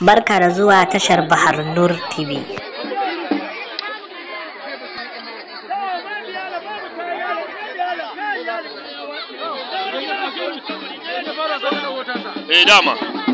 barka da zuwa tashar bahar nur tv eh,